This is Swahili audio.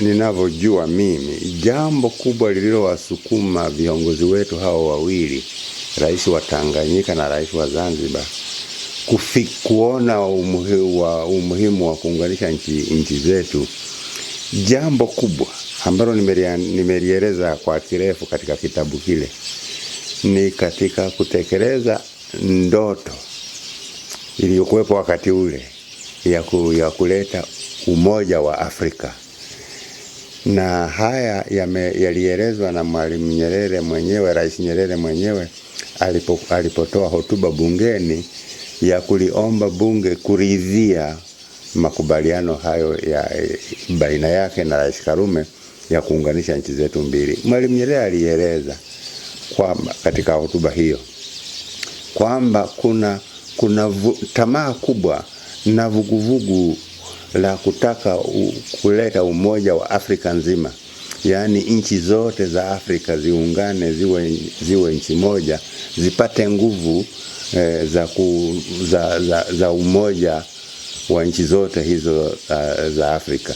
ninavyojua mimi, jambo kubwa lililowasukuma viongozi wetu hao wawili, rais wa Tanganyika na rais wa Zanzibar, kufi, kuona umuhimu wa, umuhimu wa kuunganisha nchi, nchi zetu, jambo kubwa ambalo nimelieleza kwa kirefu katika kitabu kile ni katika kutekeleza ndoto iliyokuwepo wakati ule ya, ku, ya kuleta umoja wa Afrika na haya yalielezwa na Mwalimu Nyerere mwenyewe, Rais Nyerere mwenyewe alipo, alipotoa hotuba bungeni ya kuliomba bunge kuridhia makubaliano hayo ya baina yake na Rais Karume ya kuunganisha nchi zetu mbili. Mwalimu Nyerere alieleza kwamba katika hotuba hiyo kwamba kuna, kuna tamaa kubwa na vuguvugu la kutaka u, kuleta umoja wa Afrika nzima, yaani nchi zote za Afrika ziungane ziwe, ziwe nchi moja zipate nguvu e, za, ku, za, za, za umoja wa nchi zote hizo za, ah, za Afrika.